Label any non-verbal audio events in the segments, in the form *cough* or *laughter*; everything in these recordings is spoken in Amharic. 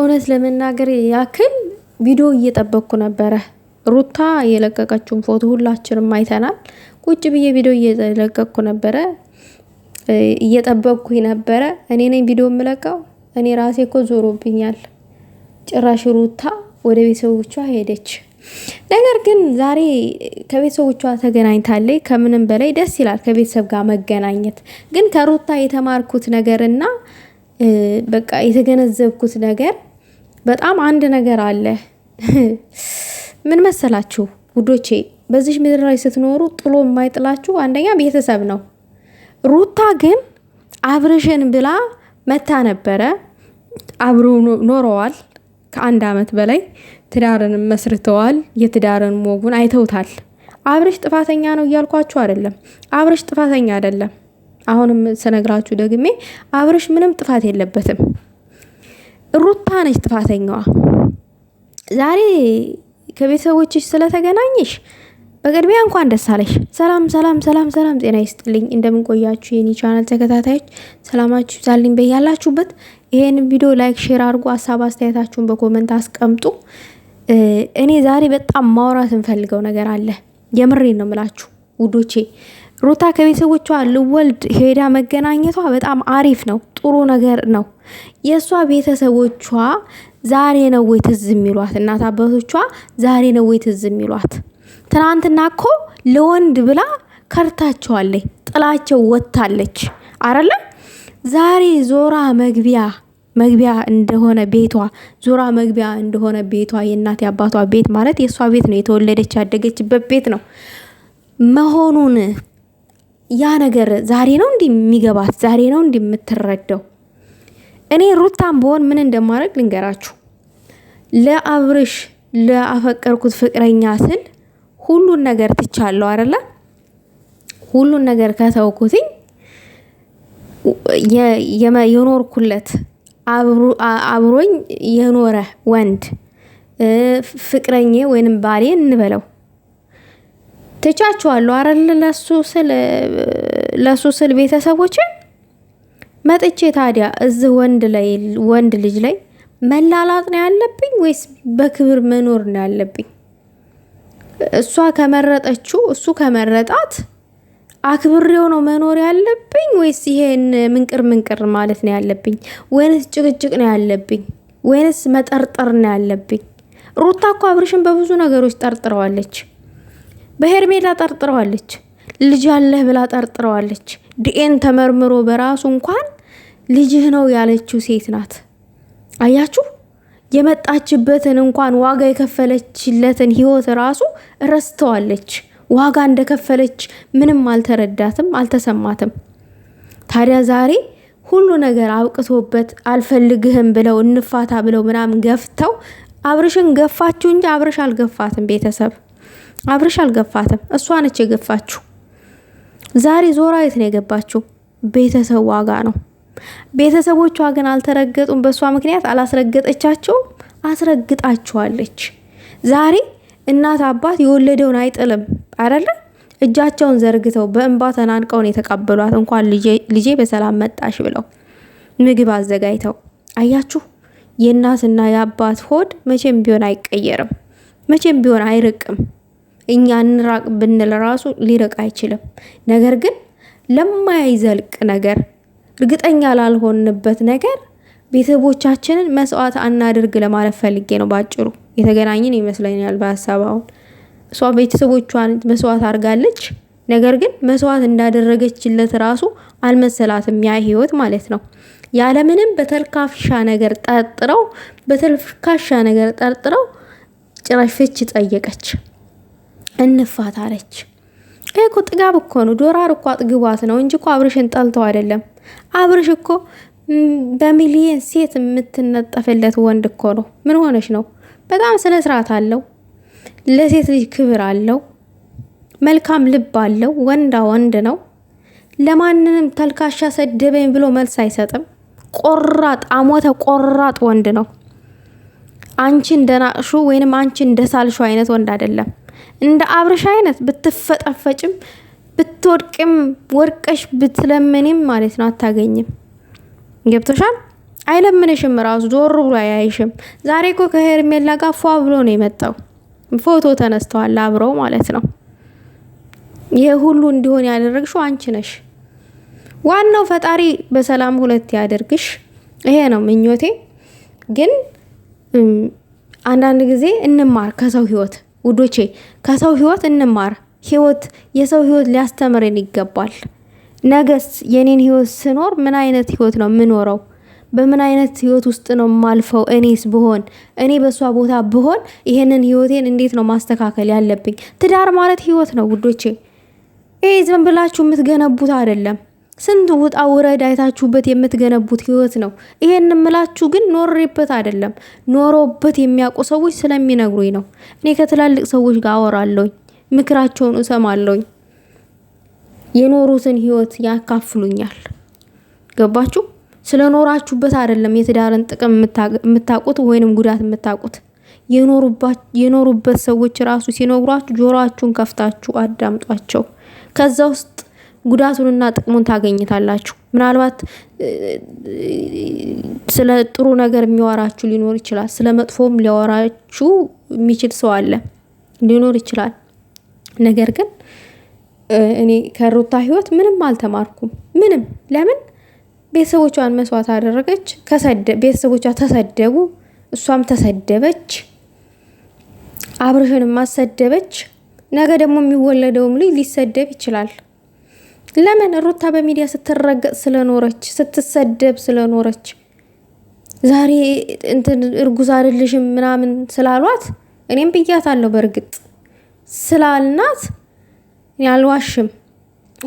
እውነት ለመናገር ያክል ቪዲዮ እየጠበቅኩ ነበረ። ሩታ የለቀቀችውን ፎቶ ሁላችንም አይተናል። ቁጭ ብዬ ቪዲዮ እየለቀቅኩ ነበረ፣ እየጠበቅኩኝ ነበረ። እኔ ነኝ ቪዲዮ የምለቀው እኔ ራሴ እኮ ዞሮብኛል። ጭራሽ ሩታ ወደ ቤተሰቦቿ ሄደች። ነገር ግን ዛሬ ከቤተሰቦቿ ተገናኝታለች። ከምንም በላይ ደስ ይላል ከቤተሰብ ጋር መገናኘት። ግን ከሩታ የተማርኩት ነገርና በቃ የተገነዘብኩት ነገር በጣም አንድ ነገር አለ። *laughs* ምን መሰላችሁ ውዶቼ፣ በዚህ ምድር ላይ ስትኖሩ ጥሎ የማይጥላችሁ አንደኛ ቤተሰብ ነው። ሩታ ግን አብርሽን ብላ መታ ነበረ። አብሮ ኖረዋል ከአንድ አመት በላይ ትዳርን መስርተዋል። የትዳርን ሞጉን አይተውታል። አብርሽ ጥፋተኛ ነው እያልኳችሁ አይደለም። አብርሽ ጥፋተኛ አይደለም። አሁንም ስነግራችሁ ደግሜ አብርሽ ምንም ጥፋት የለበትም። ሩታ ነች ጥፋተኛዋ። ዛሬ ከቤተሰቦችሽ ስለተገናኘሽ በቅድሚያ እንኳን ደስ አለሽ። ሰላም ሰላም ሰላም ሰላም፣ ጤና ይስጥልኝ። እንደምንቆያችሁ ቆያችሁ የኔ ቻናል ተከታታዮች? ሰላማችሁ ይብዛልኝ በያላችሁበት። ይሄን ቪዲዮ ላይክ፣ ሼር አድርጉ። ሀሳብ አስተያየታችሁን በኮመንት አስቀምጡ። እኔ ዛሬ በጣም ማውራት እንፈልገው ነገር አለ። የምሬን ነው የምላችሁ ውዶቼ ሩታ ከቤተሰቦቿ ልወልድ ሄዳ መገናኘቷ በጣም አሪፍ ነው፣ ጥሩ ነገር ነው። የእሷ ቤተሰቦቿ ዛሬ ነው ወይ ትዝ የሚሏት? እናት አባቶቿ ዛሬ ነው ወይ ትዝ የሚሏት? ትናንትና እኮ ለወንድ ብላ ከርታቸዋለች፣ ጥላቸው ወጥታለች አረለ ዛሬ ዞራ መግቢያ መግቢያ እንደሆነ ቤቷ ዞራ መግቢያ እንደሆነ ቤቷ የእናት አባቷ ቤት ማለት የእሷ ቤት ነው፣ የተወለደች ያደገችበት ቤት ነው መሆኑን ያ ነገር ዛሬ ነው እንዲህ የሚገባት ዛሬ ነው እንዲህ የምትረዳው። እኔ ሩታም በሆን ምን እንደማድረግ ልንገራችሁ። ለአብርሽ ለአፈቀርኩት ፍቅረኛ ስል ሁሉን ነገር ትቻለሁ አይደለ? ሁሉን ነገር ከተውኩትኝ የኖርኩለት አብሮኝ የኖረ ወንድ ፍቅረኛ ወይንም ባሌ እንበለው ትቻችኋለሁ አረል ለሱ ስል ቤተሰቦችን መጥቼ ታዲያ እዚህ ወንድ ላይ ወንድ ልጅ ላይ መላላጥ ነው ያለብኝ ወይስ በክብር መኖር ነው ያለብኝ? እሷ ከመረጠችው እሱ ከመረጣት አክብሬው ነው መኖር ያለብኝ ወይስ ይሄን ምንቅር ምንቅር ማለት ነው ያለብኝ? ወይንስ ጭቅጭቅ ነው ያለብኝ? ወይንስ መጠርጠር ነው ያለብኝ? ሩታ እኮ አብርሽን በብዙ ነገሮች ጠርጥረዋለች። በሄርሜላ ጠርጥረዋለች። ልጅ አለህ ብላ ጠርጥረዋለች። ዲኤን ተመርምሮ በራሱ እንኳን ልጅህ ነው ያለችው ሴት ናት። አያችሁ፣ የመጣችበትን እንኳን ዋጋ የከፈለችለትን ህይወት ራሱ ረስተዋለች። ዋጋ እንደከፈለች ምንም አልተረዳትም፣ አልተሰማትም። ታዲያ ዛሬ ሁሉ ነገር አብቅቶበት አልፈልግህም ብለው እንፋታ ብለው ምናምን ገፍተው አብርሽን ገፋችሁ እንጂ አብርሽ አልገፋትም ቤተሰብ አብርሽ አልገፋትም፣ እሷ ነች የገፋችው። ዛሬ ዞራ የት ነው የገባችው? ቤተሰብ ዋጋ ነው። ቤተሰቦቿ ግን አልተረገጡም። በእሷ ምክንያት አላስረገጠቻቸውም፣ አስረግጣቸዋለች። ዛሬ እናት አባት የወለደውን አይጥልም አይደለ? እጃቸውን ዘርግተው በእንባ ተናንቀውን የተቀበሏት እንኳን ልጄ በሰላም መጣሽ ብለው ምግብ አዘጋጅተው አያችሁ። የእናትና የአባት ሆድ መቼም ቢሆን አይቀየርም፣ መቼም ቢሆን አይርቅም። እኛ እንራቅ ብንል ራሱ ሊርቅ አይችልም። ነገር ግን ለማይዘልቅ ነገር እርግጠኛ ላልሆንበት ነገር ቤተሰቦቻችንን መስዋዕት አናድርግ ለማለት ፈልጌ ነው። ባጭሩ የተገናኝን ይመስለኛል በሀሳብ አሁን እሷ ቤተሰቦቿን መስዋዕት አድርጋለች። ነገር ግን መስዋዕት እንዳደረገችለት ራሱ አልመሰላትም፣ ያ ህይወት ማለት ነው። ያለምንም በተልካሻ ነገር ጠርጥረው በተልካሻ ነገር ጠርጥረው ጭራሽ ፍች ጠየቀች። እንፋት አለች። ይሄ እኮ ጥጋብ እኮ ነው። ዶራር እኮ አጥግቧት ነው እንጂ እኮ አብርሽን ጠልተው አይደለም። አብርሽ እኮ በሚሊየን ሴት የምትነጠፍለት ወንድ እኮ ነው። ምን ሆነች ነው? በጣም ስነ ስርዓት አለው። ለሴት ልጅ ክብር አለው። መልካም ልብ አለው። ወንዳ ወንድ ነው። ለማንንም ተልካሻ ሰደበኝ ብሎ መልስ አይሰጥም። ቆራጥ አሞተ ቆራጥ ወንድ ነው። አንቺ እንደናቅሹ ወይንም አንቺ እንደሳልሹ አይነት ወንድ አይደለም። እንደ አብርሽ አይነት ብትፈጠፈጭም ብትወድቅም ወድቀሽ ብትለምንም ማለት ነው አታገኝም። ገብቶሻል? አይለምንሽም። ራሱ ዞር ብሎ አያይሽም። ዛሬ እኮ ከሄርሜላ ጋር ፏ ብሎ ነው የመጣው። ፎቶ ተነስተዋል አብረው ማለት ነው። ይሄ ሁሉ እንዲሆን ያደረግሽው አንቺ ነሽ። ዋናው ፈጣሪ በሰላም ሁለት ያደርግሽ። ይሄ ነው ምኞቴ። ግን አንዳንድ ጊዜ እንማር ከሰው ህይወት ውዶቼ ከሰው ህይወት እንማር። ህይወት የሰው ህይወት ሊያስተምረን ይገባል። ነገስ የኔን ህይወት ስኖር ምን አይነት ህይወት ነው ምኖረው? በምን አይነት ህይወት ውስጥ ነው ማልፈው? እኔስ ብሆን እኔ በእሷ ቦታ ብሆን ይሄንን ህይወቴን እንዴት ነው ማስተካከል ያለብኝ? ትዳር ማለት ህይወት ነው ውዶቼ። ይህ ዝም ብላችሁ የምትገነቡት አይደለም። ስንት ውጣ ውረድ አይታችሁበት የምትገነቡት ህይወት ነው። ይሄን ምላችሁ ግን ኖሬበት አይደለም፣ ኖሮበት የሚያውቁ ሰዎች ስለሚነግሩኝ ነው። እኔ ከትላልቅ ሰዎች ጋር አወራለሁኝ፣ ምክራቸውን እሰማለሁኝ፣ የኖሩትን ህይወት ያካፍሉኛል። ገባችሁ? ስለኖራችሁበት አይደለም የትዳርን ጥቅም የምታውቁት ወይንም ጉዳት የምታውቁት የኖሩበት ሰዎች ራሱ ሲነግሯችሁ ጆሮአችሁን ከፍታችሁ አዳምጧቸው። ከዛ ውስጥ ጉዳቱንና ጥቅሙን ታገኝታላችሁ። ምናልባት ስለ ጥሩ ነገር የሚወራችሁ ሊኖር ይችላል። ስለ መጥፎም ሊያወራችሁ የሚችል ሰው አለ ሊኖር ይችላል። ነገር ግን እኔ ከሩታ ህይወት ምንም አልተማርኩም። ምንም ለምን ቤተሰቦቿን መስዋዕት አደረገች። ቤተሰቦቿ ተሰደቡ፣ እሷም ተሰደበች፣ አብርሽንም አሰደበች። ነገ ደግሞ የሚወለደውም ልጅ ሊሰደብ ይችላል። ለምን ሩታ በሚዲያ ስትረገጥ ስለኖረች ስትሰደብ ስለኖረች ዛሬ እንትን እርጉዝ አይደለሽም ምናምን ስላሏት እኔም ብያታለሁ። በእርግጥ ስላልናት አልዋሽም፣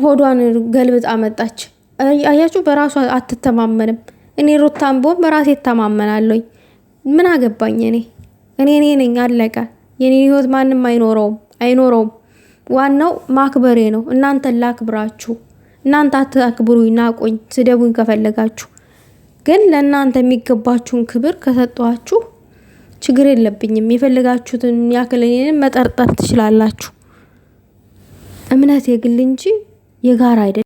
ሆዷን ገልብጣ መጣች። አያችሁ፣ በራሷ አትተማመንም። እኔ ሩታን ብሆን በራሴ እተማመናለሁኝ። ምን አገባኝ እኔ እኔ እኔ ነኝ አለቀ። የኔ ህይወት ማንም አይኖረውም አይኖረውም። ዋናው ማክበሬ ነው። እናንተን ላክብራችሁ። እናንተ አታክብሩኝ፣ ናቁኝ፣ ስደቡኝ ከፈለጋችሁ ግን ለእናንተ የሚገባችሁን ክብር ከሰጧችሁ ችግር የለብኝም። የፈለጋችሁትን ያክል እኔንም መጠርጠር ትችላላችሁ። እምነት የግል እንጂ የጋራ አይደለም።